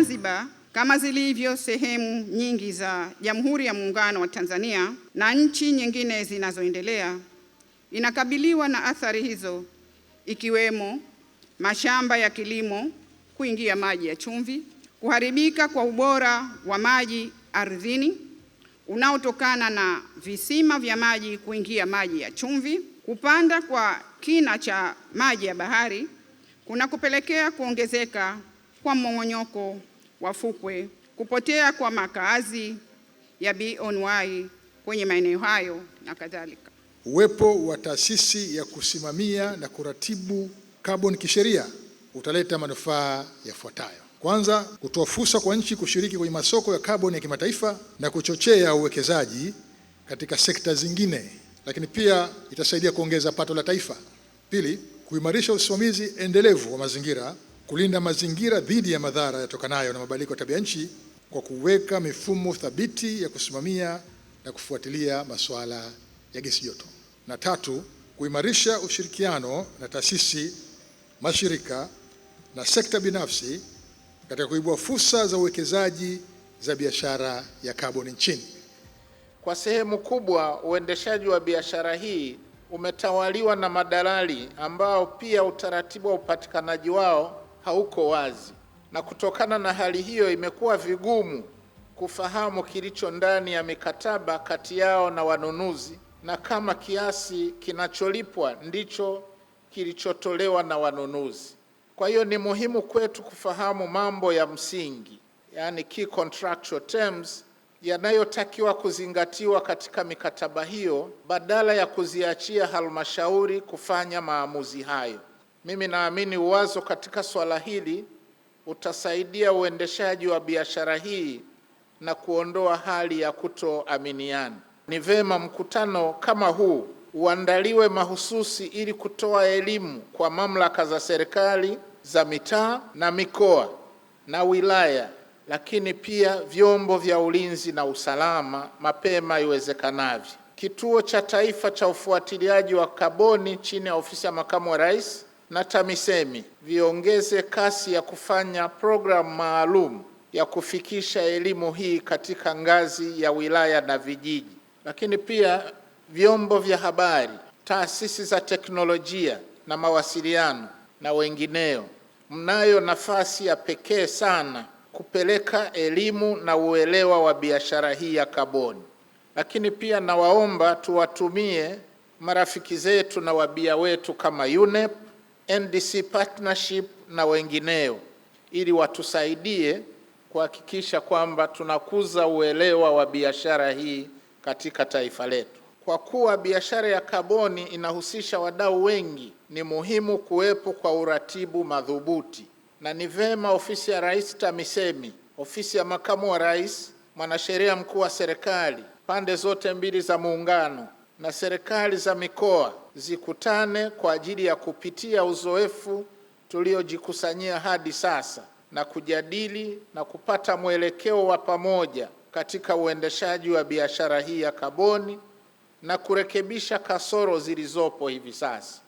Zanzibar kama zilivyo sehemu nyingi za Jamhuri ya Muungano wa Tanzania na nchi nyingine zinazoendelea, inakabiliwa na athari hizo ikiwemo mashamba ya kilimo kuingia maji ya chumvi, kuharibika kwa ubora wa maji ardhini unaotokana na visima vya maji kuingia maji ya chumvi, kupanda kwa kina cha maji ya bahari kunakopelekea kuongezeka kwa mmomonyoko wafukwe, kupotea kwa makazi ya BOY kwenye maeneo hayo na kadhalika. Uwepo wa taasisi ya kusimamia na kuratibu kaboni kisheria utaleta manufaa yafuatayo: kwanza, kutoa fursa kwa nchi kushiriki kwenye masoko ya kaboni ya kimataifa na kuchochea uwekezaji katika sekta zingine, lakini pia itasaidia kuongeza pato la taifa. Pili, kuimarisha usimamizi endelevu wa mazingira kulinda mazingira dhidi ya madhara yatokanayo na mabadiliko ya tabia nchi kwa kuweka mifumo thabiti ya kusimamia na kufuatilia masuala ya gesi joto. Na tatu, kuimarisha ushirikiano na taasisi, mashirika na sekta binafsi katika kuibua fursa za uwekezaji za biashara ya kaboni nchini. Kwa sehemu kubwa, uendeshaji wa biashara hii umetawaliwa na madalali ambao pia utaratibu wa upatikanaji wao hauko wazi, na kutokana na hali hiyo imekuwa vigumu kufahamu kilicho ndani ya mikataba kati yao na wanunuzi na kama kiasi kinacholipwa ndicho kilichotolewa na wanunuzi. Kwa hiyo ni muhimu kwetu kufahamu mambo ya msingi, yani key contractual terms yanayotakiwa kuzingatiwa katika mikataba hiyo badala ya kuziachia halmashauri kufanya maamuzi hayo. Mimi naamini uwazo katika swala hili utasaidia uendeshaji wa biashara hii na kuondoa hali ya kutoaminiana. Ni vema mkutano kama huu uandaliwe mahususi ili kutoa elimu kwa mamlaka za serikali za mitaa na mikoa na wilaya, lakini pia vyombo vya ulinzi na usalama mapema iwezekanavyo. Kituo cha Taifa cha Ufuatiliaji wa Kaboni chini ya Ofisi ya Makamu wa Rais na TAMISEMI viongeze kasi ya kufanya programu maalum ya kufikisha elimu hii katika ngazi ya wilaya na vijiji. Lakini pia vyombo vya habari, taasisi za teknolojia na mawasiliano na wengineo, mnayo nafasi ya pekee sana kupeleka elimu na uelewa wa biashara hii ya kaboni. Lakini pia nawaomba tuwatumie marafiki zetu na wabia wetu kama UNEP NDC partnership na wengineo ili watusaidie kuhakikisha kwamba tunakuza uelewa wa biashara hii katika taifa letu. Kwa kuwa biashara ya kaboni inahusisha wadau wengi, ni muhimu kuwepo kwa uratibu madhubuti, na ni vema ofisi ya Rais TAMISEMI, ofisi ya makamu wa rais, mwanasheria mkuu wa serikali, pande zote mbili za muungano na serikali za mikoa zikutane kwa ajili ya kupitia uzoefu tuliojikusanyia hadi sasa na kujadili na kupata mwelekeo wa pamoja katika uendeshaji wa biashara hii ya kaboni na kurekebisha kasoro zilizopo hivi sasa.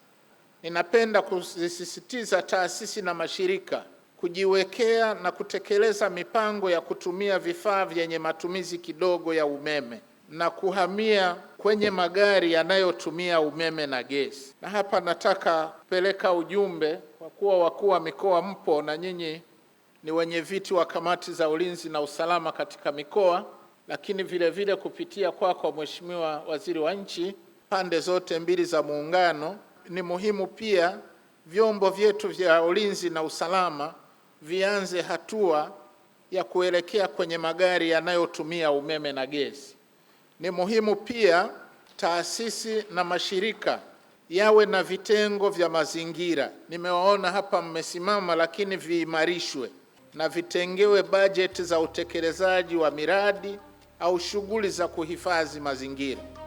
Ninapenda kusisitiza taasisi na mashirika kujiwekea na kutekeleza mipango ya kutumia vifaa vyenye matumizi kidogo ya umeme na kuhamia kwenye magari yanayotumia umeme na gesi. Na hapa nataka kupeleka ujumbe kwa kuwa wakuu wa mikoa mpo na nyinyi ni wenye viti wa kamati za ulinzi na usalama katika mikoa, lakini vile vile kupitia kwako kwa Mheshimiwa Waziri wa Nchi, pande zote mbili za muungano, ni muhimu pia vyombo vyetu vya ulinzi na usalama vianze hatua ya kuelekea kwenye magari yanayotumia umeme na gesi. Ni muhimu pia taasisi na mashirika yawe na vitengo vya mazingira. Nimewaona hapa mmesimama, lakini viimarishwe na vitengewe bajeti za utekelezaji wa miradi au shughuli za kuhifadhi mazingira.